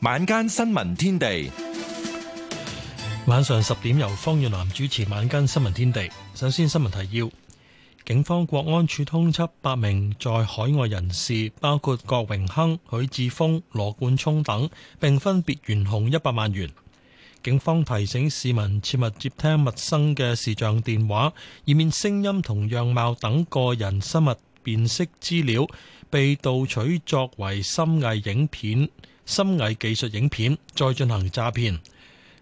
晚間新聞天地，晚上十點由方遠南主持。晚間新聞天地，首先，新聞提要：警方國安處通緝八名在海外人士，包括郭榮鏗、許智峯、羅冠聰等，並分別懸紅一百萬元。警方提醒市民切勿接聽陌生嘅視像電話，以免聲音同樣貌等個人生物辨識資料被盜取，作為深偽影片。深藝技術影片再進行詐騙。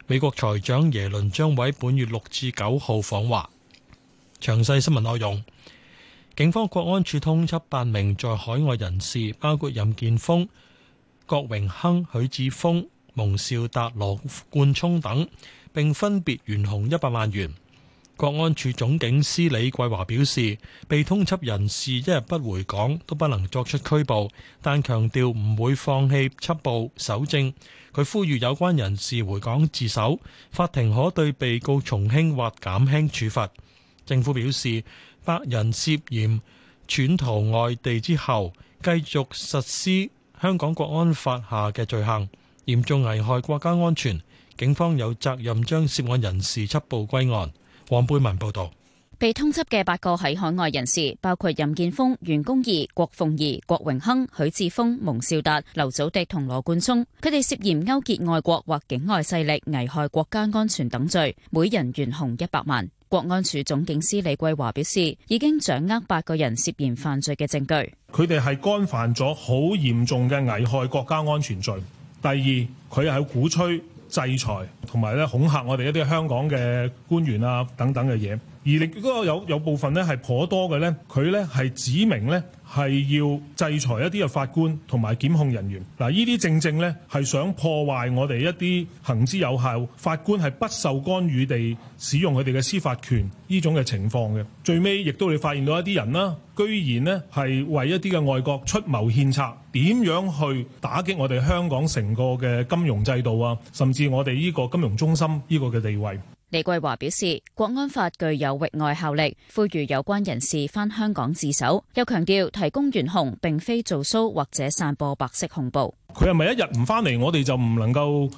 美國財長耶倫將於本月六至九號訪華，詳細新聞內容。警方國安處通緝八名在海外人士，包括任建峰、郭榮鏗、許智峰、蒙兆達、羅冠聰等，並分別懸紅一百萬元。國安處總警司李桂華表示，被通緝人士一日不回港都不能作出拘捕，但強調唔會放棄緝捕搜證。佢呼籲有關人士回港自首，法庭可對被告從輕或減輕處罰。政府表示，百人涉嫌竄逃外地之後，繼續實施香港國安法下嘅罪行，嚴重危害國家安全，警方有責任將涉案人士緝捕歸案。黃貝文報道，被通緝嘅八個喺海外人士，包括任建峰、袁公義、郭鳳儀、郭榮鏗、許智峰、蒙兆達、劉祖迪同羅冠聰，佢哋涉嫌勾結外國或境外勢力危害國家安全等罪，每人懸紅一百萬。國安處總警司李桂華表示，已經掌握八個人涉嫌犯罪嘅證據。佢哋係干犯咗好嚴重嘅危害國家安全罪。第二，佢係鼓吹。制裁同埋咧，恐嚇我哋一啲香港嘅官員啊等等嘅嘢。而嗰個有有部分咧係頗多嘅呢佢呢係指明呢係要制裁一啲嘅法官同埋檢控人員。嗱，呢啲正正呢係想破壞我哋一啲行之有效法官係不受干預地使用佢哋嘅司法權呢種嘅情況嘅。最尾亦都會發現到一啲人啦，居然呢係為一啲嘅外國出謀獻策，點樣去打擊我哋香港成個嘅金融制度啊，甚至我哋呢個金融中心呢個嘅地位。李桂華表示，國安法具有域外效力，呼籲有關人士返香港自首。又強調，提供懸紅並非做騷或者散播白色恐怖。佢係咪一日唔返嚟，我哋就唔能夠？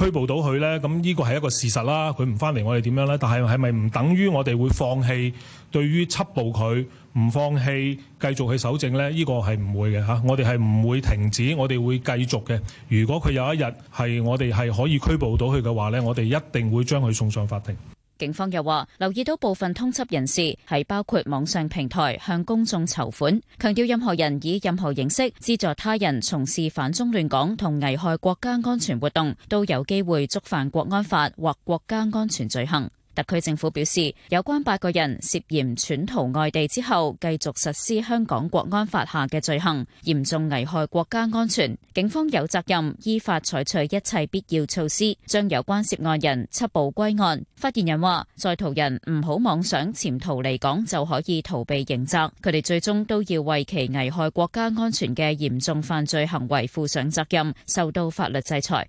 拘捕到佢呢，咁呢個係一個事實啦。佢唔翻嚟，我哋點樣呢？但係係咪唔等於我哋會放棄對於緝捕佢，唔放棄繼續去搜證呢？呢個係唔會嘅嚇。我哋係唔會停止，我哋會繼續嘅。如果佢有一日係我哋係可以拘捕到佢嘅話呢，我哋一定會將佢送上法庭。警方又話留意到部分通緝人士係包括網上平台向公眾籌款，強調任何人以任何形式資助他人從事反中亂港同危害國家安全活動，都有機會觸犯國安法或國家安全罪行。特區政府表示，有關八個人涉嫌竄逃外地之後，繼續實施香港國安法下嘅罪行，嚴重危害國家安全，警方有責任依法採取一切必要措施，將有關涉案人緝捕歸案。發言人話：在逃人唔好妄想潛逃離港就可以逃避刑責，佢哋最終都要為其危害國家安全嘅嚴重犯罪行為負上責任，受到法律制裁。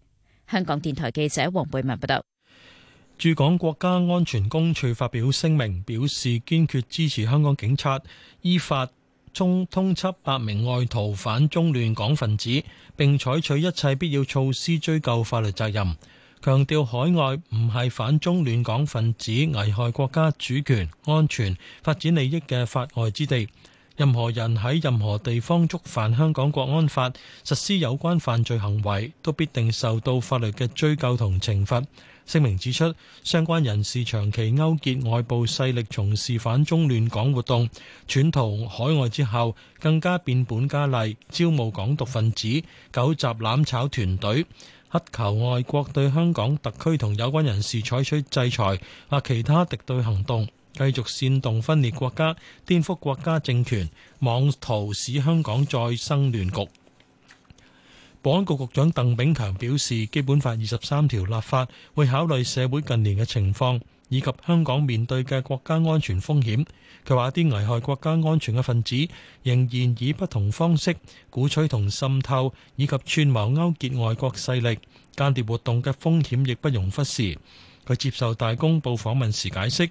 香港電台記者黃貝文報道。駐港國家安全公署發表聲明，表示堅決支持香港警察依法通通緝八名外逃反中亂港分子，並採取一切必要措施追究法律責任。強調海外唔係反中亂港分子危害國家主權、安全、發展利益嘅法外之地，任何人喺任何地方觸犯香港國安法，實施有關犯罪行為，都必定受到法律嘅追究同懲罰。聲明指出，相關人士長期勾結外部勢力，從事反中亂港活動；竄逃海外之後，更加變本加厲，招募港獨分子、糾集攬炒團隊，乞求外國對香港特區同有關人士採取制裁或其他敵對行動，繼續煽動分裂國家、顛覆國家政權，妄圖使香港再生亂局。保安局局長鄧炳強表示，《基本法》二十三條立法會考慮社會近年嘅情況以及香港面對嘅國家安全風險。佢話：啲危害國家安全嘅分子仍然以不同方式鼓吹同滲透，以及串謀勾結外國勢力、間諜活動嘅風險亦不容忽視。佢接受《大公報》訪問時解釋。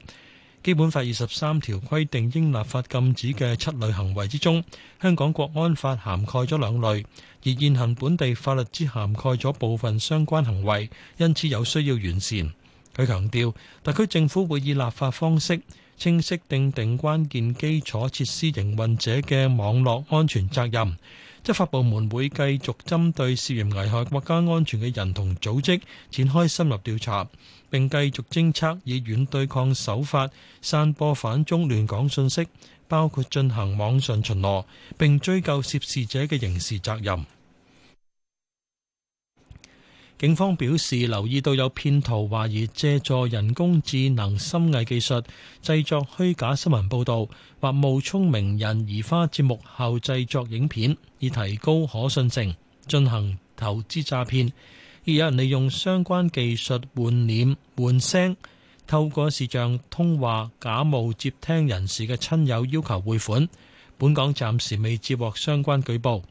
基本法二十三條規定應立法禁止嘅七類行為之中，香港國安法涵蓋咗兩類，而現行本地法律只涵蓋咗部分相關行為，因此有需要完善。佢強調，特區政府會以立法方式清晰訂定關鍵基礎設施營運者嘅網絡安全責任。執法部門會繼續針對涉嫌危害國家安全嘅人同組織展開深入調查，並繼續偵測以軟對抗手法散播反中亂港訊息，包括進行網上巡邏，並追究涉事者嘅刑事責任。警方表示留意到有騙徒懷疑借助人工智能深偽技術製作虛假新聞報道或冒充名人移花節目後製作影片以提高可信性，進行投資詐騙，而有人利用相關技術換臉換聲透過視像通話假冒接聽人士嘅親友要求匯款。本港暫時未接獲相關舉報。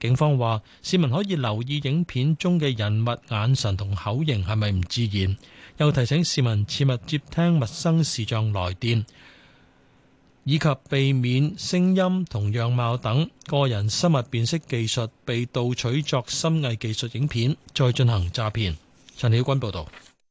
警方話：市民可以留意影片中嘅人物眼神同口型係咪唔自然，又提醒市民切勿接聽陌生視像來電，以及避免聲音同樣貌等個人生物辨識技術被盜取作深偽技術影片，再進行詐騙。陳曉君報道。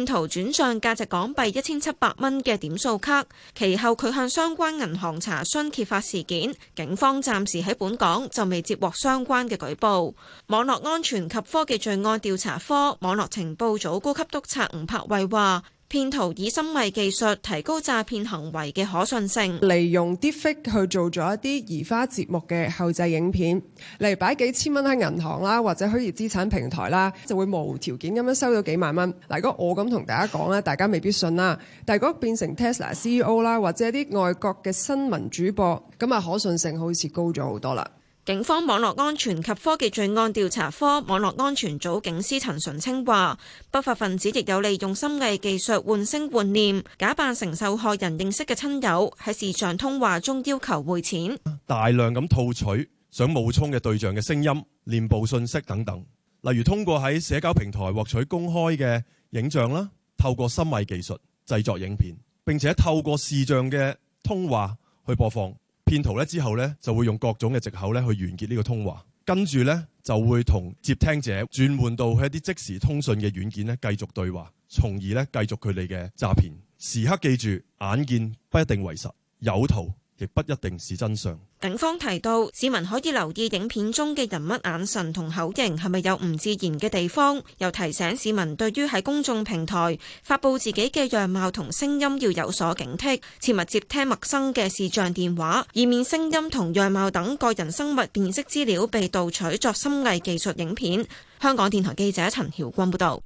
試圖轉賬價值港幣一千七百蚊嘅點數卡，其後佢向相關銀行查詢，揭發事件，警方暫時喺本港就未接獲相關嘅舉報。網絡安全及科技罪案調查科網絡情報組高級督察吳柏偉話。騙徒以深偽技術提高詐騙行為嘅可信性，利用 deepfake 去做咗一啲移花節目嘅後製影片，例如擺幾千蚊喺銀行啦，或者虛擬資產平台啦，就會無條件咁樣收到幾萬蚊。嗱，如果我咁同大家講咧，大家未必信啦。但係如果變成 Tesla CEO 啦，或者啲外國嘅新聞主播咁啊，可信性好似高咗好多啦。警方網絡安全及科技罪案調查科網絡安全組警司陳純清話：不法分子亦有利用 AI 技術換聲換念，假扮成受害人認識嘅親友，喺視像通話中要求匯錢，大量咁套取想冒充嘅對象嘅聲音、面部信息等等，例如通過喺社交平台獲取公開嘅影像啦，透過 AI 技術製作影片，並且透過視像嘅通話去播放。騙徒咧之後咧就會用各種嘅藉口咧去完結呢個通話，跟住咧就會同接聽者轉換到一啲即時通訊嘅軟件咧繼續對話，從而咧繼續佢哋嘅詐騙。時刻記住，眼見不一定為實，有圖，亦不一定是真相。警方提到，市民可以留意影片中嘅人物眼神同口型係咪有唔自然嘅地方，又提醒市民對於喺公眾平台發佈自己嘅樣貌同聲音要有所警惕，切勿接聽陌生嘅視像電話，以免聲音同樣貌等個人生物辨識資料被盜取作深偽技術影片。香港電台記者陳曉君報道。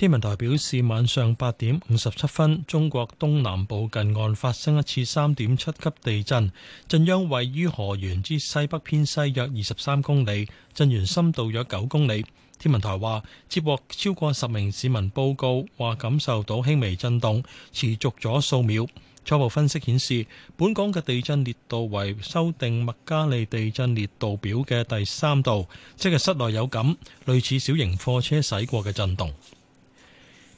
天文台表示，晚上八點五十七分，中國東南部近岸發生一次三點七級地震，震央位於河源之西北偏西約二十三公里，震源深度約九公里。天文台話，接獲超過十名市民報告，話感受到輕微震動，持續咗數秒。初步分析顯示，本港嘅地震烈度為修訂麥加利地震烈度表嘅第三度，即係室內有感，類似小型貨車駛過嘅震動。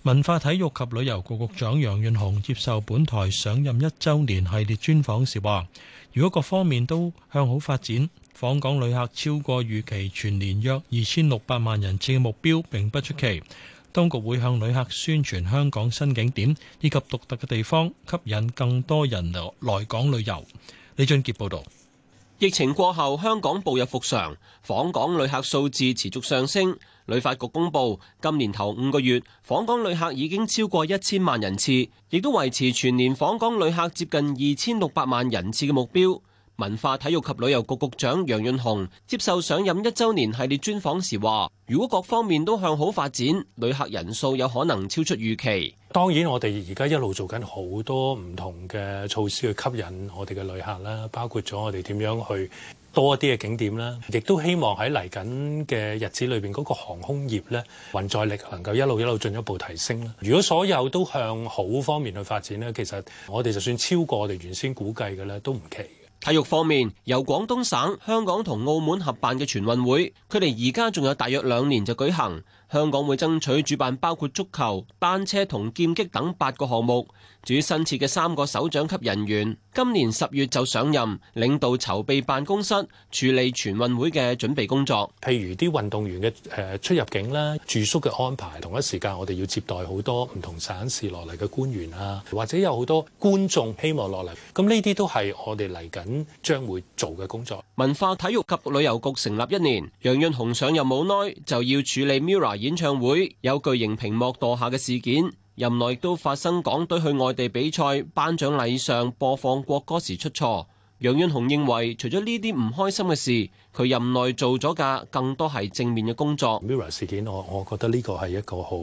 文化體育及旅遊局局長楊潤雄接受本台上任一周年系列專訪時話，如果各方面都向好發展，訪港旅客超過預期，全年約二千六百萬人次嘅目標並不出奇。當局會向旅客宣傳香港新景點以及獨特嘅地方，吸引更多人流來港旅遊。李俊傑報道。疫情過後，香港步入復常，訪港旅客數字持續上升。旅發局公布，今年頭五個月訪港旅客已經超過一千萬人次，亦都維持全年訪港旅客接近二千六百萬人次嘅目標。文化體育及旅遊局局長楊潤雄接受上任一周年系列專訪時話，如果各方面都向好發展，旅客人數有可能超出預期。當然，我哋而家一路做緊好多唔同嘅措施去吸引我哋嘅旅客啦，包括咗我哋點樣去。多一啲嘅景點啦，亦都希望喺嚟緊嘅日子裏邊，嗰個航空業咧運載力能夠一路一路進一步提升啦。如果所有都向好方面去發展咧，其實我哋就算超過我哋原先估計嘅咧，都唔奇。體育方面，由廣東省、香港同澳門合辦嘅全運會，佢哋而家仲有大約兩年就舉行。香港會爭取主辦包括足球、單車同劍擊等八個項目。至於新設嘅三個首長級人員，今年十月就上任，領導籌備辦公室，處理全運會嘅準備工作。譬如啲運動員嘅誒出入境啦、住宿嘅安排，同一時間我哋要接待好多唔同省市落嚟嘅官員啊，或者有好多觀眾希望落嚟，咁呢啲都係我哋嚟緊將會做嘅工作。文化體育及旅遊局成立一年，楊潤雄上任冇耐就要處理 MIRROR 演唱會有巨型屏幕墮下嘅事件，任內亦都發生港隊去外地比賽，頒獎禮上播放國歌時出錯。楊潤雄認為，除咗呢啲唔開心嘅事，佢任內做咗噶更多係正面嘅工作。Mirror 事件，我我覺得呢個係一個好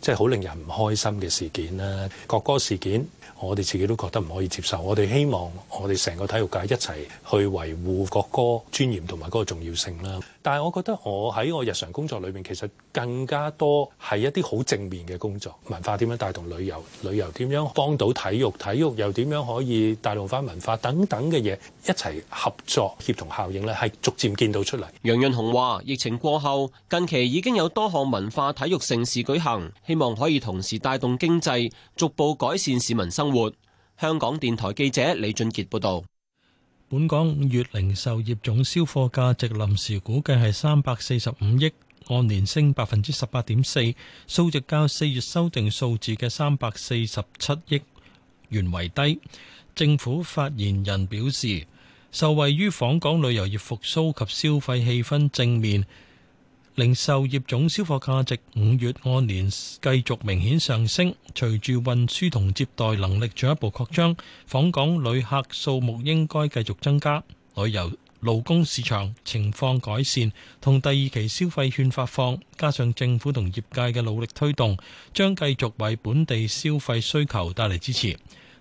即係好令人唔開心嘅事件啦。國歌事件，我哋自己都覺得唔可以接受。我哋希望我哋成個體育界一齊去維護國歌尊嚴同埋嗰個重要性啦。但係我覺得我喺我日常工作裏面，其實更加多係一啲好正面嘅工作。文化點樣帶動旅遊？旅遊點樣幫到體育？體育又點樣可以帶動翻文化？等等嘅嘢，一齊合作協同效應咧，係逐。見到出嚟，楊潤雄話：疫情過後，近期已經有多項文化體育盛事舉行，希望可以同時帶動經濟，逐步改善市民生活。香港電台記者李俊傑報導。本港五月零售業總銷貨價值臨時估計係三百四十五億，按年升百分之十八點四，數值較四月修訂數字嘅三百四十七億元為低。政府發言人表示。受惠於訪港旅遊業復甦及消費氣氛正面，零售業總銷貨價值五月按年繼續明顯上升。隨住運輸同接待能力進一步擴張，訪港旅客數目應該繼續增加。旅遊勞工市場情況改善，同第二期消費券發放，加上政府同業界嘅努力推動，將繼續為本地消費需求帶嚟支持。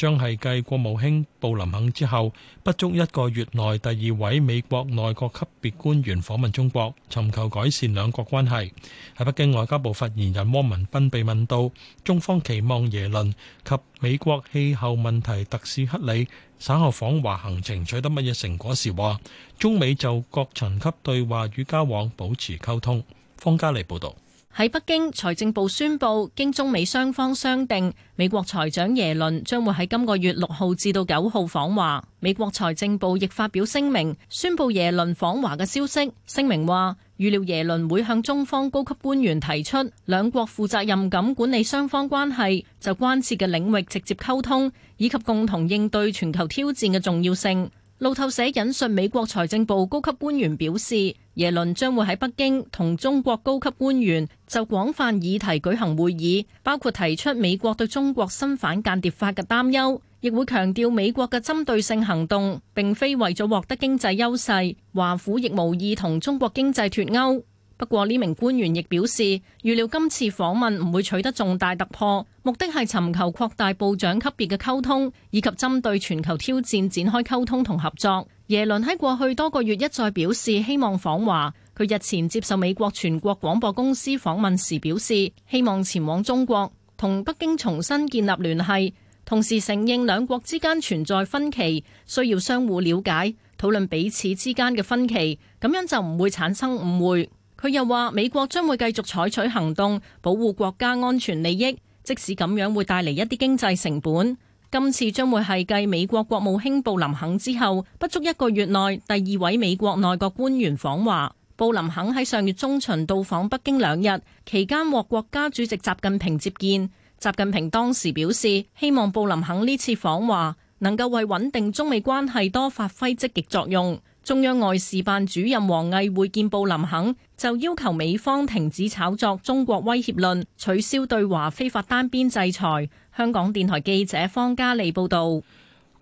將係繼國務卿布林肯之後，不足一個月內第二位美國內閣級別官員訪問中國，尋求改善兩國關係。喺北京外交部發言人汪文斌被問到中方期望耶倫及美國氣候問題特使克里稍後訪華行程取得乜嘢成果時，話中美就各層級對話與交往保持溝通。方家莉報道。喺北京，財政部宣布，經中美雙方商定，美國財長耶倫將會喺今個月六號至到九號訪華。美國財政部亦發表聲明，宣布耶倫訪華嘅消息。聲明話，預料耶倫會向中方高級官員提出，兩國負責任咁管理雙方關係，就關切嘅領域直接溝通，以及共同應對全球挑戰嘅重要性。路透社引述美國財政部高級官員表示，耶倫將會喺北京同中國高級官員就廣泛議題舉行會議，包括提出美國對中國新反間諜法嘅擔憂，亦會強調美國嘅針對性行動並非為咗獲得經濟優勢，華府亦無意同中國經濟脫鉤。不過呢名官員亦表示，預料今次訪問唔會取得重大突破，目的係尋求擴大部長級別嘅溝通，以及針對全球挑戰展開溝通同合作。耶倫喺過去多個月一再表示希望訪華。佢日前接受美國全國廣播公司訪問時表示，希望前往中國，同北京重新建立聯繫，同時承認兩國之間存在分歧，需要相互了解，討論彼此之間嘅分歧，咁樣就唔會產生誤會。佢又話：美國將會繼續採取行動，保護國家安全利益，即使咁樣會帶嚟一啲經濟成本。今次將會係繼美國國務卿布林肯之後，不足一個月內第二位美國內閣官員訪華。布林肯喺上月中旬到訪北京兩日，期間獲國家主席習近平接見。習近平當時表示，希望布林肯呢次訪華能夠為穩定中美關係多發揮積極作用。中央外事辦主任王毅會見布林肯，就要求美方停止炒作中國威脅論，取消對華非法單邊制裁。香港電台記者方嘉莉報道。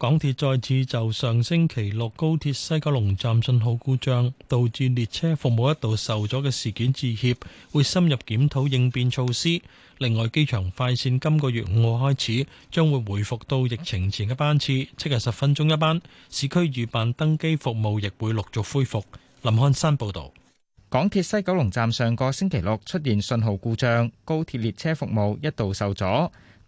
港鐵再次就上星期六高鐵西九龍站信號故障，導致列車服務一度受阻嘅事件致歉，會深入檢討應變措施。另外，機場快綫今個月五號開始將會恢復到疫情前嘅班次，即係十分鐘一班。市區預辦登機服務亦會陸續恢復。林漢山報道：港鐵西九龍站上個星期六出現信號故障，高鐵列車服務一度受阻。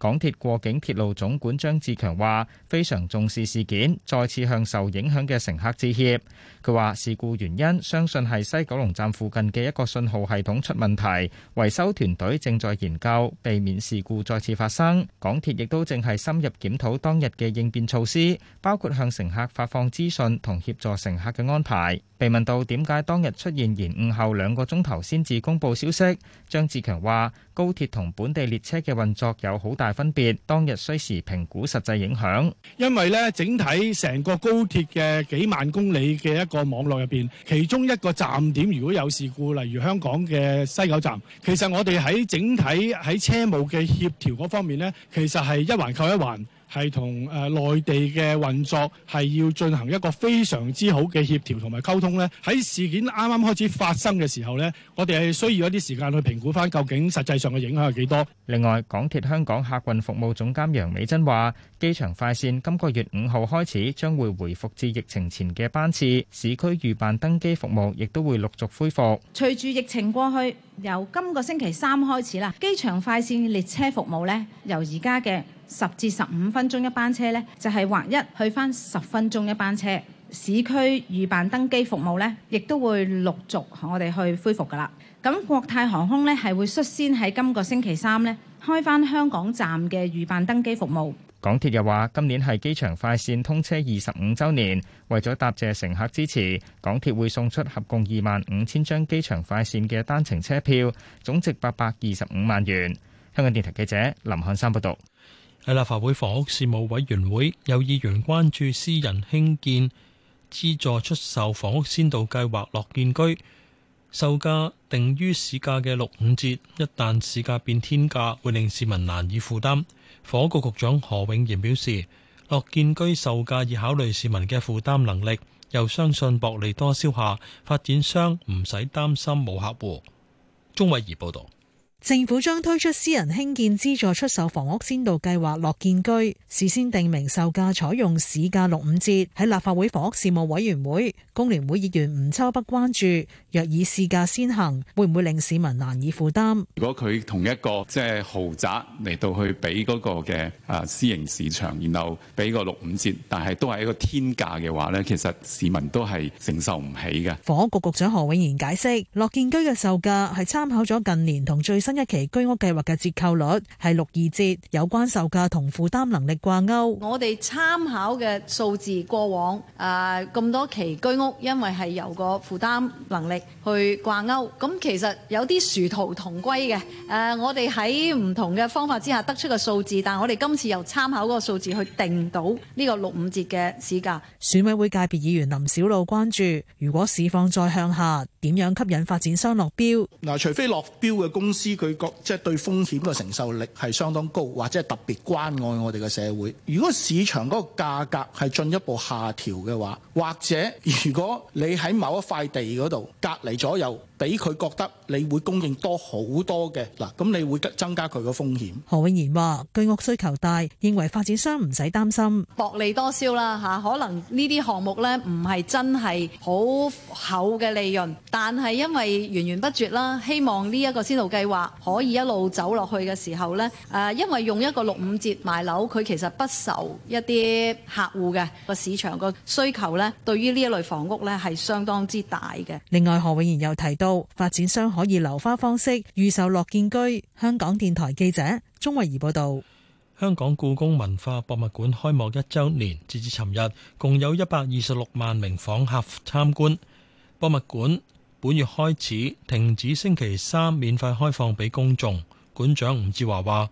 港鐵過境鐵路總管張志強話：非常重視事件，再次向受影響嘅乘客致歉。佢話事故原因相信係西九龍站附近嘅一個信號系統出問題，維修團隊正在研究避免事故再次發生。港鐵亦都正係深入檢討當日嘅應變措施，包括向乘客發放資訊同協助乘客嘅安排。被問到點解當日出現延誤後兩個鐘頭先至公布消息，張志強話：高鐵同本地列車嘅運作有好大分別，當日需時評估實際影響。因為呢，整體成個高鐵嘅幾萬公里嘅一個網絡入邊，其中一個站點如果有事故，例如香港嘅西九站，其實我哋喺整體喺車務嘅協調嗰方面呢，其實係一環扣一環。係同誒內地嘅運作係要進行一個非常之好嘅協調同埋溝通呢。喺事件啱啱開始發生嘅時候呢，我哋係需要一啲時間去評估返究竟實際上嘅影響係幾多。另外，港鐵香港客運服務總監楊美珍話，機場快線今個月五號開始將會回復至疫情前嘅班次，市區預辦登機服務亦都會陸續恢復。隨住疫情過去，由今個星期三開始啦，機場快線列車服務呢，由而家嘅十至十五分鐘一班車呢，就係或一去翻十分鐘一班車。市區預辦登機服務呢，亦都會陸續我哋去恢復㗎喇。咁國泰航空呢，係會率先喺今個星期三呢，開翻香港站嘅預辦登機服務。港鐵又話，今年係機場快線通車二十五週年，為咗答謝乘客支持，港鐵會送出合共二萬五千張機場快線嘅單程車票，總值八百二十五萬元。香港電台記者林漢山報道。喺立法會房屋事務委員會，有議員關注私人興建資助出售房屋先導計劃樂建居售價定於市價嘅六五折，一旦市價變天價，會令市民難以負擔。房屋局局長何永賢表示，樂建居售價已考慮市民嘅負擔能力，又相信薄利多銷下，發展商唔使擔心冇客戶。鐘偉儀報道。政府將推出私人興建資助出售房屋先導計劃「樂建居」，事先定明售價採用市價六五折。喺立法會房屋事務委員會，工聯會議員吳秋北關注：若以市價先行，會唔會令市民難以負擔？如果佢同一個即係、就是、豪宅嚟到去俾嗰個嘅啊私營市場，然後俾個六五折，但係都係一個天價嘅話呢，其實市民都係承受唔起嘅。房屋局局長何永賢解釋：樂建居嘅售價係參考咗近年同最新。新一期居屋計劃嘅折扣率係六二折，有關售價同負擔能力掛鈎。我哋參考嘅數字過往誒咁、啊、多期居屋，因為係由個負擔能力去掛鈎，咁、啊、其實有啲殊途同歸嘅。誒、啊，我哋喺唔同嘅方法之下得出個數字，但係我哋今次又參考嗰個數字去定到呢個六五折嘅市價。選委會界別議員林筱魯關注：如果市況再向下，點樣吸引發展商落標？嗱，除非落標嘅公司。佢個即係對風險嘅承受力係相當高，或者特別關愛我哋嘅社會。如果市場嗰個價格係進一步下調嘅話，或者如果你喺某一塊地嗰度隔籬左右。俾佢覺得你會供應多好多嘅嗱，咁你會增加佢個風險。何永賢話，居屋需求大，認為發展商唔使擔心，薄利多銷啦嚇。可能呢啲項目呢唔係真係好厚嘅利潤，但係因為源源不絕啦，希望呢一個先導計劃可以一路走落去嘅時候呢，誒，因為用一個六五折賣樓，佢其實不愁一啲客戶嘅個市場個需求呢，對於呢一類房屋呢係相當之大嘅。另外，何永賢又提到。發展商可以樓花方式預售樂建居。香港電台記者鍾慧怡報道。香港故宮文化博物館開幕一周年，截至尋日共有一百二十六萬名訪客參觀。博物館本月開始停止星期三免費開放俾公眾。館長吳志華話，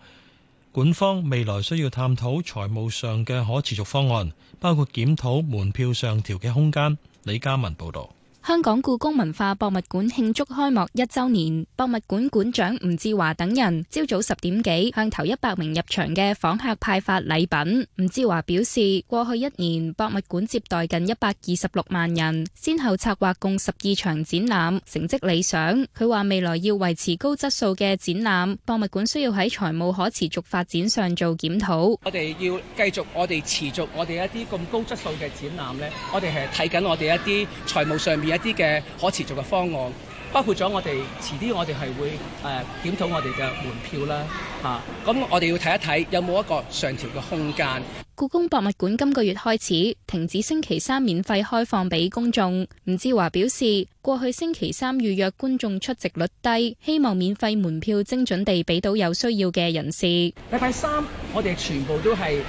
館方未來需要探討財務上嘅可持續方案，包括檢討門票上調嘅空間。李嘉文報道。香港故宮文化博物館慶祝開幕一周年，博物館館長吳志華等人朝早十點幾向頭一百名入場嘅訪客派發禮品。吳志華表示，過去一年博物館接待近一百二十六萬人，先後策劃共十二場展覽，成績理想。佢話未來要維持高質素嘅展覽，博物館需要喺財務可持續發展上做檢討。我哋要繼續，我哋持續我哋一啲咁高質素嘅展覽呢，我哋係睇緊我哋一啲財務上面。啲嘅可持續嘅方案，包括咗我哋遲啲，我哋係會誒檢討我哋嘅門票啦，吓，啊，咁我哋要睇一睇有冇一個上調嘅空間。故宮博物館今個月開始停止星期三免費開放俾公眾。吳志華表示，過去星期三預約觀眾出席率低，希望免費門票精準地俾到有需要嘅人士。禮拜三我哋全部都係誒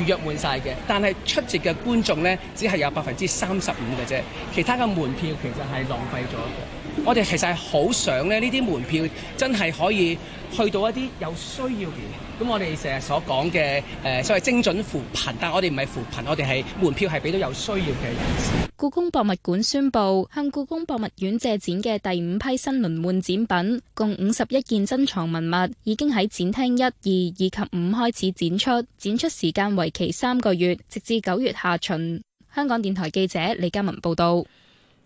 預約滿晒嘅，但係出席嘅觀眾呢，只係有百分之三十五嘅啫，其他嘅門票其實係浪費咗嘅。我哋其實係好想咧，呢啲門票真係可以。去到一啲有需要嘅嘢。咁我哋成日所講嘅誒所謂精準扶貧，但我哋唔係扶貧，我哋係門票係俾到有需要嘅人。故宮博物館宣布，向故宮博物院借展嘅第五批新輪換展品，共五十一件珍藏文物，已經喺展廳一二以及五開始展出，展出時間為期三個月，直至九月下旬。香港電台記者李嘉文報道。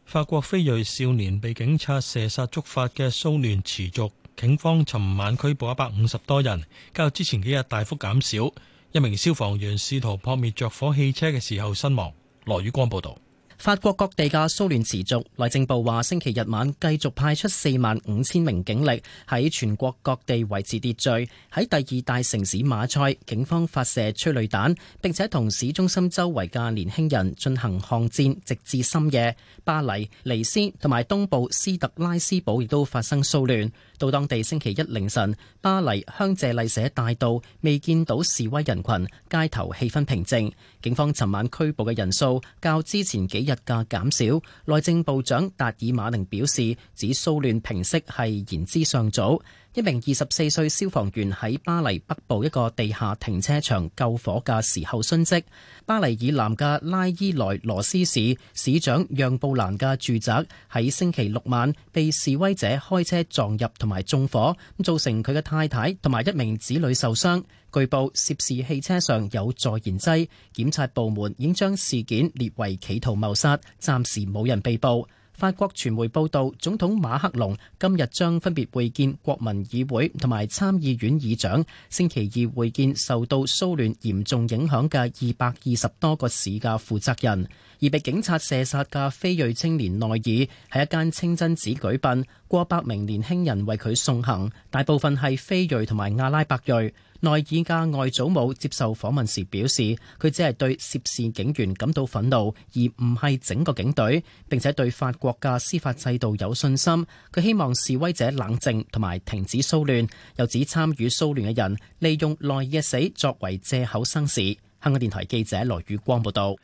法國非裔少年被警察射殺觸發嘅騷亂持續。警方尋晚拘捕一百五十多人，較之前幾日大幅減少。一名消防員試圖撲滅着火汽車嘅時候身亡。羅宇光報導。法國各地嘅騷亂持續，內政部話星期日晚繼續派出四萬五千名警力喺全國各地維持秩序。喺第二大城市馬賽，警方發射催淚彈，並且同市中心周圍嘅年輕人進行巷戰，直至深夜。巴黎、尼斯同埋東部斯特拉斯堡亦都發生騷亂。到當地星期一凌晨，巴黎香榭麗舍大道未見到示威人群，街頭氣氛平靜。警方尋晚拘捕嘅人數較之前幾日嘅減少。內政部長達爾馬寧表示，指騷亂平息係言之尚早。一名二十四歲消防員喺巴黎北部一個地下停車場救火嘅時候殉職。巴黎以南嘅拉伊萊羅斯市市長讓布蘭嘅住宅喺星期六晚被示威者開車撞入同埋縱火，咁造成佢嘅太太同埋一名子女受傷。據報涉事汽車上有助燃劑，檢察部門已將事件列為企圖謀殺，暫時冇人被捕。法國傳媒報道，總統馬克龍今日將分別會見國民議會同埋參議院議長，星期二會見受到騷亂嚴，嚴重影響嘅二百二十多個市嘅負責人。而被警察射殺嘅非裔青年奈爾，喺一間清真寺舉殯，過百名年輕人為佢送行，大部分係非裔同埋阿拉伯裔。內爾嘅外祖母接受訪問時表示，佢只係對涉事警員感到憤怒，而唔係整個警隊，並且對法國嘅司法制度有信心。佢希望示威者冷靜同埋停止騷亂，又指參與騷亂嘅人利用內爾嘅死作為借口生事。香港電台記者羅宇光報道。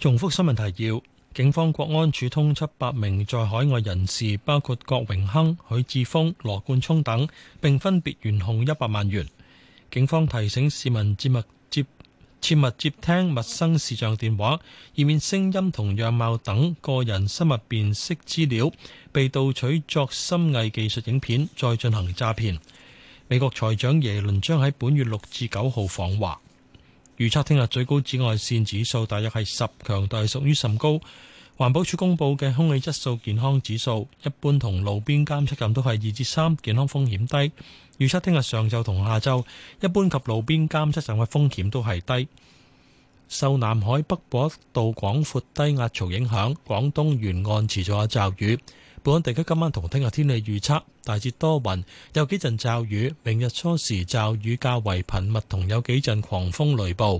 重複新聞提要：警方國安處通緝八名在海外人士，包括郭榮鏗、許智峰、羅冠聰等，並分別懸紅一百萬元。警方提醒市民切勿接切勿接，接，接聽陌生視像電話，以免聲音同樣貌等個人生物辨識資料被盜取作深偽技術影片，再進行詐騙。美國財長耶倫將喺本月六至九號訪華，預測聽日最高紫外線指數大約係十強，但係屬於甚高。環保署公布嘅空氣質素健康指數，一般同路邊監測站都係二至三，健康風險低。預測聽日上晝同下晝，一般及路邊監測站嘅風險都係低。受南海北部一道廣闊低壓槽影響，廣東沿岸持續有驟雨。本港地區今晚同聽日天氣預測，大致多雲，有幾陣驟雨。明日初時驟雨較為頻密，同有幾陣狂風雷暴。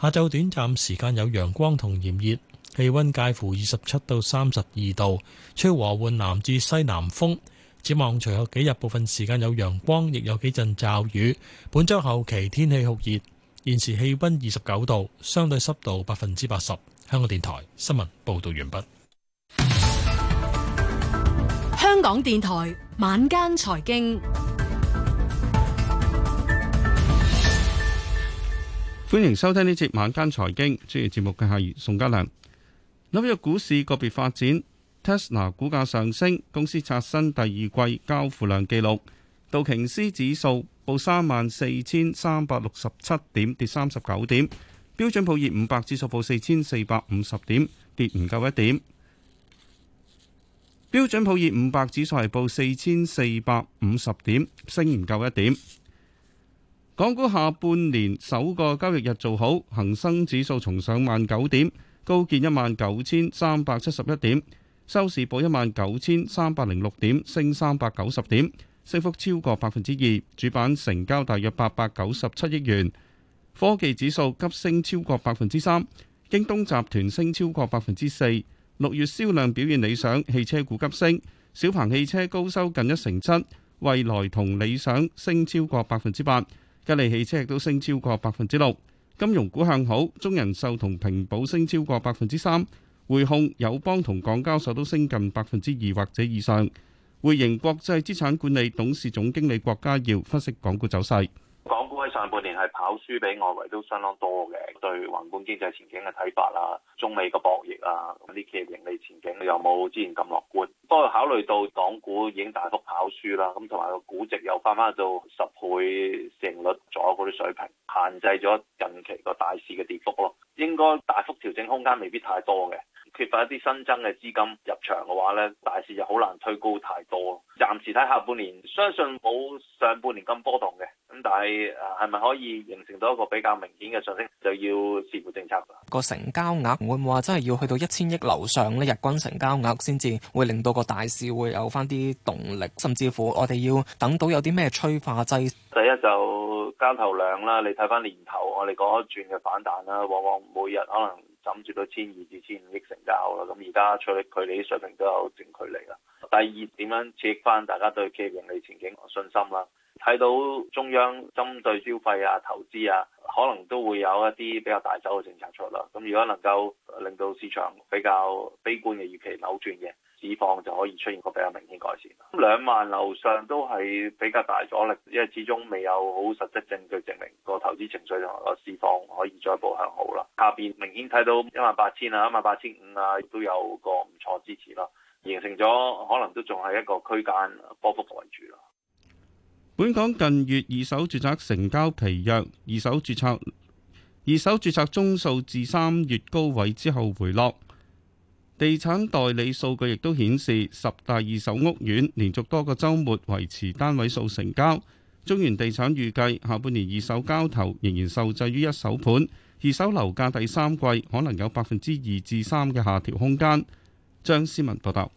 下晝短暫時間有陽光同炎熱。氣溫介乎二十七到三十二度，吹和緩南至西南風。展望隨後幾日部分時間有陽光，亦有幾陣驟雨。本周後期天氣酷熱，現時氣溫二十九度，相對濕度百分之八十。香港電台新聞報道完畢。香港電台晚間財經，歡迎收聽呢節晚間財經專業節目嘅係宋家良。紐約股市個別發展，Tesla 股價上升，公司刷新第二季交付量紀錄。道瓊斯指數報三萬四千三百六十七點，跌三十九點。標準普爾五百指數報四千四百五十點，跌唔夠一點。標準普爾五百指數係報四千四百五十點，升唔夠一點。港股下半年首個交易日做好，恒生指數重上萬九點。高見一萬九千三百七十一點，收市報一萬九千三百零六點，升三百九十點，升幅超過百分之二。主板成交大約八百九十七億元。科技指數急升超過百分之三，京東集團升超過百分之四。六月銷量表現理想，汽車股急升，小鵬汽車高收近一成七，蔚來同理想升超過百分之八，吉利汽車亦都升超過百分之六。金融股向好，中人壽同平保升超過百分之三，匯控、友邦同港交所都升近百分之二或者以上。匯盈國際資產管理董事總經理郭家耀分析港股走勢。港股喺上半年係跑輸比外圍都相當多嘅，對宏觀經濟前景嘅睇法啊，中美嘅博弈啊，咁啲企業盈利前景又冇之前咁樂觀。不過考慮到港股已經大幅跑輸啦，咁同埋個估值又翻翻到十倍市盈率左右嗰啲水平，限制咗近期個大市嘅跌幅咯。應該大幅調整空間未必太多嘅。缺乏一啲新增嘅資金入場嘅話咧，大市就好難推高太多。暫時睇下半年，相信冇上半年咁波動嘅。咁但係誒，係咪可以形成到一個比較明顯嘅上升，就要視乎政策啦。個成交額會唔會真係要去到一千億樓上咧？日均成交額先至會令到個大市會有翻啲動力，甚至乎我哋要等到有啲咩催化劑。第一就交投量啦，你睇翻年頭，我哋嗰轉嘅反彈啦，往往每日可能。諗住到千二至千五億成交啦，咁而家趨力距離水平都有正距離啦。第二，點樣刺激翻大家對企業盈利前景信心啦，睇到中央針對消費啊、投資啊，可能都會有一啲比較大手嘅政策出啦。咁如果能夠令到市場比較悲觀嘅預期扭轉嘅。市況就可以出現個比較明顯改善，咁兩萬樓上都係比較大阻力，因為始終未有好實質證據證明個投資情緒同個市況可以再步向好啦。下邊明顯睇到一萬八千啊，一萬八千五啊，都有個唔錯支持咯，形成咗可能都仲係一個區間波幅為主咯。本港近月二手住宅成交疲弱，二手住宅二手住宅宗數至三月高位之後回落。地產代理數據亦都顯示，十大二手屋苑連續多個週末維持單位數成交。中原地產預計下半年二手交投仍然受制於一手盤，二手樓價第三季可能有百分之二至三嘅下調空間。張思文報道。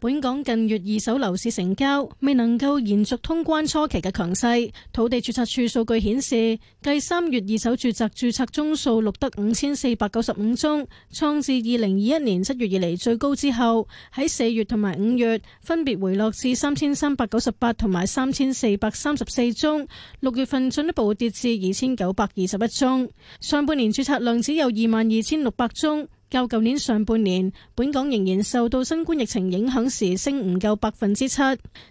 本港近月二手樓市成交未能夠延續通關初期嘅強勢，土地注冊處數據顯示，繼三月二手住宅注冊宗數錄得五千四百九十五宗，創自二零二一年七月以嚟最高之後，喺四月同埋五月分別回落至三千三百九十八同埋三千四百三十四宗，六月份進一步跌至二千九百二十一宗，上半年注冊量只有二萬二千六百宗。較舊年上半年，本港仍然受到新冠疫情影響時升唔夠百分之七。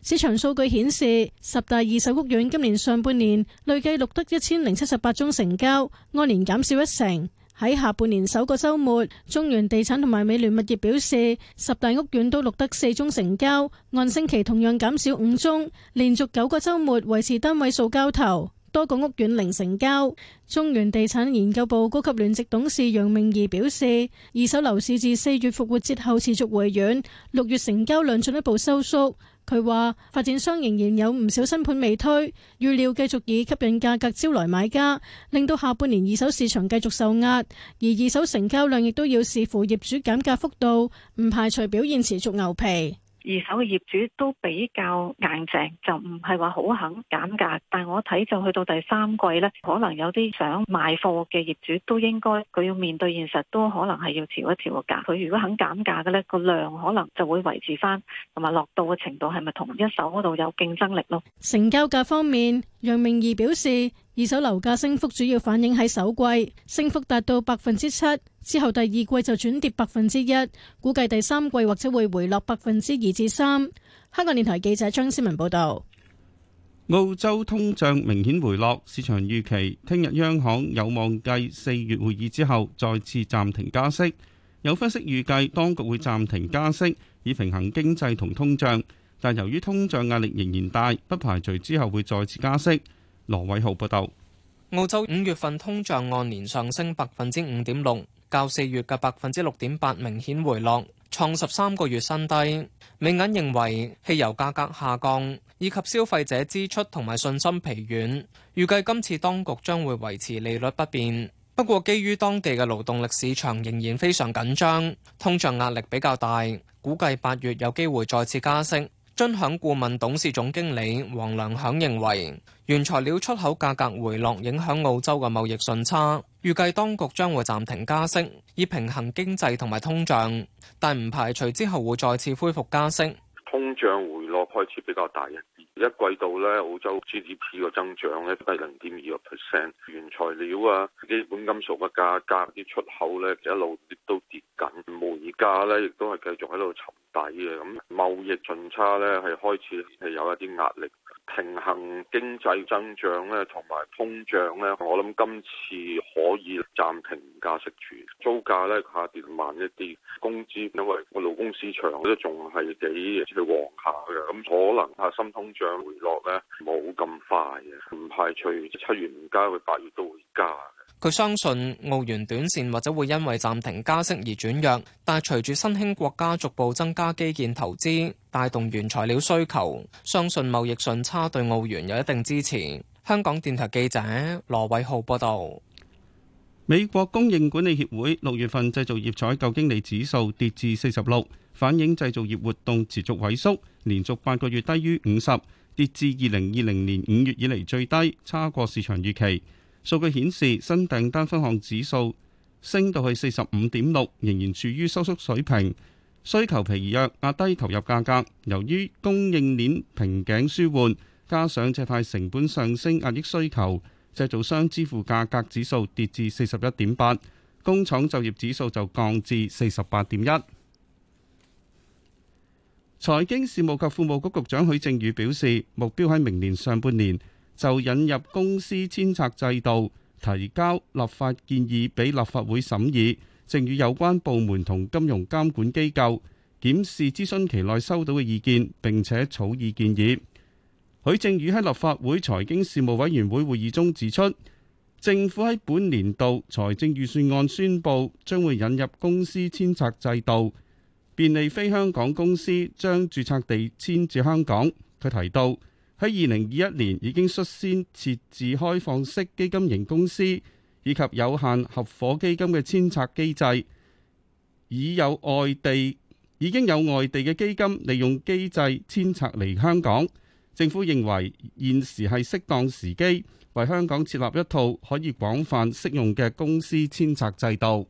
市場數據顯示，十大二手屋苑今年上半年累計錄得一千零七十八宗成交，按年減少一成。喺下半年首個週末，中原地產同埋美聯物業表示，十大屋苑都錄得四宗成交，按星期同樣減少五宗，連續九個週末維持單位數交投。多個屋苑零成交，中原地產研究部高級聯席董事楊明儀表示，二手樓市自四月復活節後持續回軟，六月成交量進一步收縮。佢話發展商仍然有唔少新盤未推，預料繼續以吸引價格招來買家，令到下半年二手市場繼續受壓，而二手成交量亦都要視乎業主減價幅度，唔排除表現持續牛皮。二手嘅業主都比較硬淨，就唔係話好肯減價。但係我睇就去到第三季呢，可能有啲想賣貨嘅業主都應該佢要面對現實，都可能係要調一調個價。佢如果肯減價嘅呢，個量可能就會維持翻，同埋落到嘅程度係咪同一手嗰度有競爭力咯？成交價方面，楊明儀表示，二手樓價升幅主要反映喺首季，升幅達到百分之七，之後第二季就轉跌百分之一，估計第三季或者會回落百分之二至三。香港電台記者張思文報道。澳洲通脹明顯回落，市場預期聽日央行有望繼四月會議之後再次暫停加息。有分析預計當局會暫停加息，以平衡經濟同通脹，但由於通脹壓力仍然大，不排除之後會再次加息。羅偉豪報道：澳洲五月份通脹按年上升百分之五點六，較四月嘅百分之六點八明顯回落，創十三個月新低。美銀認為，汽油價格下降以及消費者支出同埋信心疲軟，預計今次當局將會維持利率不變。不過，基於當地嘅勞動力市場仍然非常緊張，通脹壓力比較大，估計八月有機會再次加息。尊享顧問董事總經理黃良享認為，原材料出口價格回落影響澳洲嘅貿易順差，預計當局將會暫停加息，以平衡經濟同埋通脹，但唔排除之後會再次恢復加息。通脹回落開始比較大一季度咧，澳洲 GDP 個增長咧都係零點二個 percent，原材料啊、基本金屬嘅價格、啲出口咧一路都跌緊，煤價咧亦都係繼續喺度沉底嘅，咁貿易順差咧係開始係有一啲壓力。平衡經濟增長咧，同埋通脹咧，我諗今次可以暫停加息率，租價咧下跌慢一啲，工資因為個勞工市場都仲係幾即係旺下嘅，咁、嗯、可能核心通脹回落咧冇咁快嘅，唔排除七月唔加，佢八月都會加。佢相信澳元短線或者會因為暫停加息而轉弱，但隨住新興國家逐步增加基建投資帶動原材料需求，相信貿易順差對澳元有一定支持。香港電台記者羅偉浩報道。美國供應管理協會六月份製造業採購經理指數跌至四十六，反映製造業活動持續萎縮，連續八個月低於五十，跌至二零二零年五月以嚟最低，差過市場預期。數據顯示，新訂單分項指數升到去四十五點六，仍然處於收縮水平。需求疲弱，壓低投入價格。由於供應鏈瓶頸舒緩，加上借貸成本上升，壓抑需求。製造商支付價格指數跌至四十一點八，工廠就業指數就降至四十八點一。財經事務及庫務局局長許正宇表示，目標喺明年上半年，就引入公司遷冊制度，提交立法建議俾立法會審議，正與有關部門同金融監管機構檢視諮詢期內收到嘅意見，並且草擬建議。許正宇喺立法會財經事務委員會會議中指出，政府喺本年度財政預算案宣佈將會引入公司遷冊制度，便利非香港公司將註冊地遷至香港。佢提到：喺二零二一年已經率先設置開放式基金型公司以及有限合伙基金嘅遷冊機制，已有外地已經有外地嘅基金利用機制遷冊嚟香港。政府認為現時係適當時機，為香港設立一套可以廣泛適用嘅公司遷冊制度。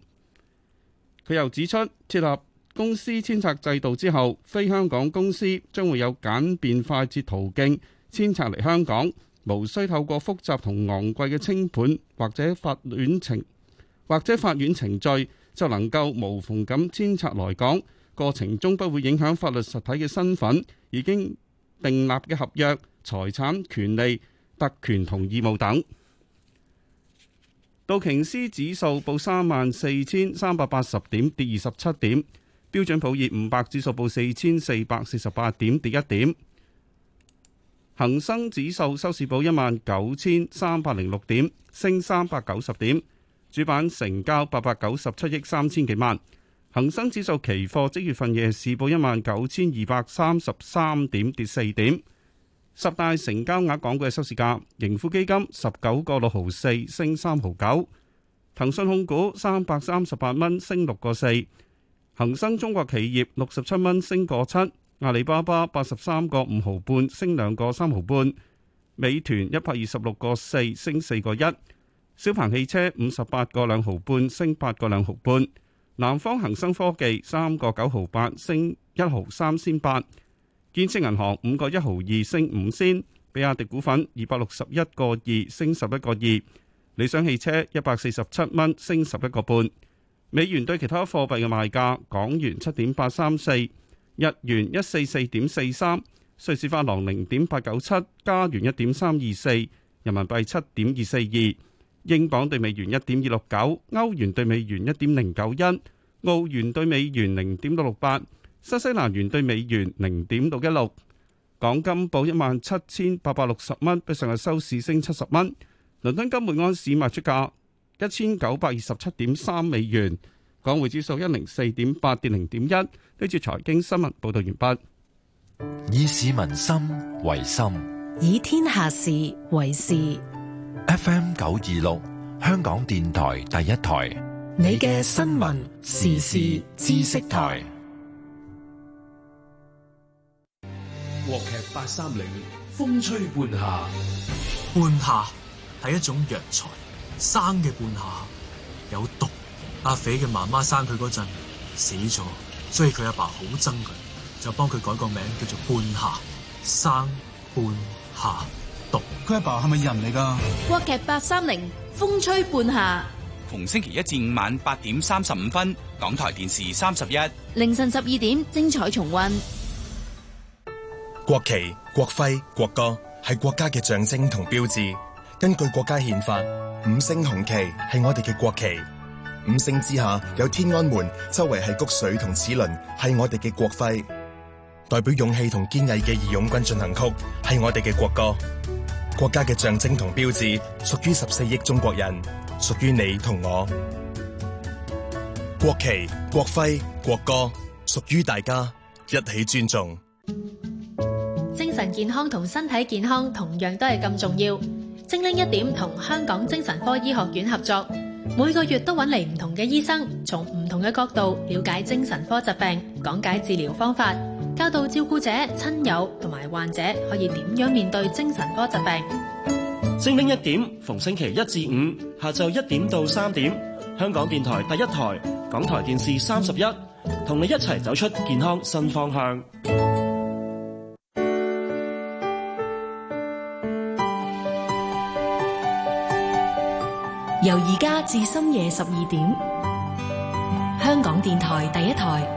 佢又指出，設立公司遷冊制度之後，非香港公司將會有簡便快捷途徑。遷冊嚟香港，無需透過複雜同昂貴嘅清盤或者法院程或者法院程序，就能夠無縫咁遷冊來港。過程中不會影響法律實體嘅身份、已經訂立嘅合約、財產、權利、特權同義務等。道瓊斯指數報三萬四千三百八十點，跌二十七點；標準普爾五百指數報四千四百四十八點，跌一點。恒生指數收市報一萬九千三百零六點，升三百九十點。主板成交八百九十七億三千幾萬。恒生指數期貨即月份夜市報一萬九千二百三十三點，跌四點。十大成交額港股嘅收市價：盈富基金十九個六毫四，升三毫九；騰訊控股三百三十八蚊，升六個四；恒生中國企業六十七蚊，升個七。阿里巴巴八十三個五毫半，升兩個三毫半；美團一百二十六個四，升四個一；小鵬汽車五十八個兩毫半，升八個兩毫半；南方恒生科技三個九毫八，升一毫三先八；建設銀行五個一毫二，升五先；比亞迪股份二百六十一個二，升十一個二；理想汽車一百四十七蚊，升十一個半；美元對其他貨幣嘅賣價，港元七點八三四。日元一四四點四三，瑞士法郎零點八九七，加元一點三二四，人民幣七點二四二，英鎊對美元一點二六九，歐元對美元一點零九一，澳元對美元零點六六八，新西蘭元對美元零點六一六。港金報一萬七千八百六十蚊，比上日收市升七十蚊。倫敦金每安士賣出價一千九百二十七點三美元。港匯指數一零四點八跌零點一，呢節財經新聞報道完畢。以市民心為心，以天下事為事。F M 九二六香港電台第一台，你嘅新聞時事知識台。國劇八三零，風吹半夏。半夏係一種藥材，生嘅半夏有毒。阿肥嘅媽媽生佢嗰陣死咗，所以佢阿爸好憎佢，就幫佢改個名叫做半夏。生半夏毒，佢阿爸係咪人嚟噶？國劇八三零，風吹半夏。逢星期一至五晚八點三十五分，港台電視三十一，凌晨十二點精彩重溫。國旗、國徽、國歌係國家嘅象徵同標誌。根據國家憲法，五星紅旗係我哋嘅國旗。五星之下有天安門，周圍係谷穗同齒輪，係我哋嘅國徽，代表勇氣同堅毅嘅《義勇軍進行曲》係我哋嘅國歌。國家嘅象徵同標誌屬於十四億中國人，屬於你同我。國旗、國徽、國歌屬於大家，一起尊重。精神健康同身體健康同樣都係咁重要。精靈一點，同香港精神科醫學院合作。每個月都揾嚟唔同嘅醫生，從唔同嘅角度了解精神科疾病，講解治療方法，教導照顧者、親友同埋患者可以點樣面對精神科疾病。精靈一點，逢星期一至五下晝一點到三點，香港電台第一台，港台電視三十一，同你一齊走出健康新方向。由而家至深夜十二點，香港電台第一台。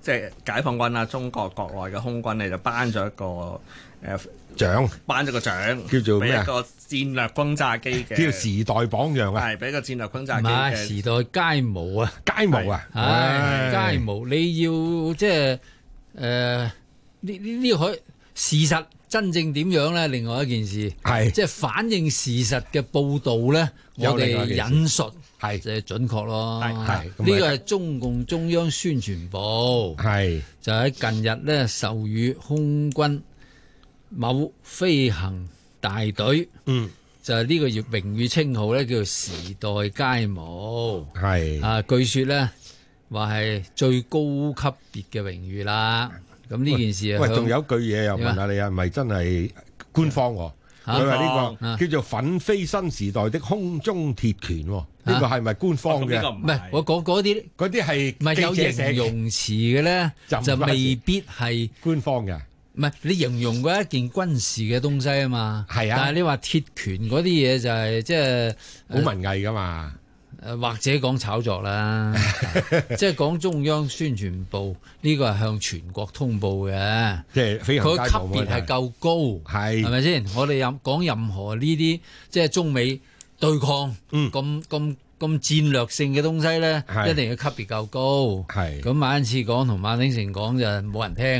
即係解放軍啊！中國國內嘅空軍咧就頒咗一個誒獎，呃、掌頒咗個獎，叫做咩？一個戰略轟炸機嘅，叫時代榜樣啊！係俾個戰略轟炸機，唔係、啊、時代楷模啊，楷模啊，楷模！你要即係誒呢？呢呢個可事實。真正點樣呢？另外一件事，係是即係反映事實嘅報道呢，我哋引述係即係準確咯。係呢個係中共中央宣傳部，係是就喺近日呢授予空軍某飛行大隊，嗯，就係呢個月榮譽稱號呢，叫做時代楷模，係是啊，據說呢話係最高級別嘅榮譽啦。咁呢件事啊、就是，喂，仲有一句嘢又問下你麽、哦、啊，係咪真係官方？佢話呢個叫做粉飛新時代的空中鐵拳、哦、呢、啊、個係咪官方嘅？唔係，我講嗰啲，嗰啲係有形容詞嘅咧，就未必係官方嘅。唔係你形容過一件軍事嘅東西啊嘛。係啊的，但係你話鐵拳嗰啲嘢就係即係好文藝噶嘛。誒或者講炒作啦，即係講中央宣傳部呢個係向全國通報嘅，即係佢級別係夠高，係係咪先？我哋任講任何呢啲即係中美對抗，嗯，咁咁咁戰略性嘅東西咧，一定要級別夠高，係咁。晚一次講同馬鼎盛講就冇人聽。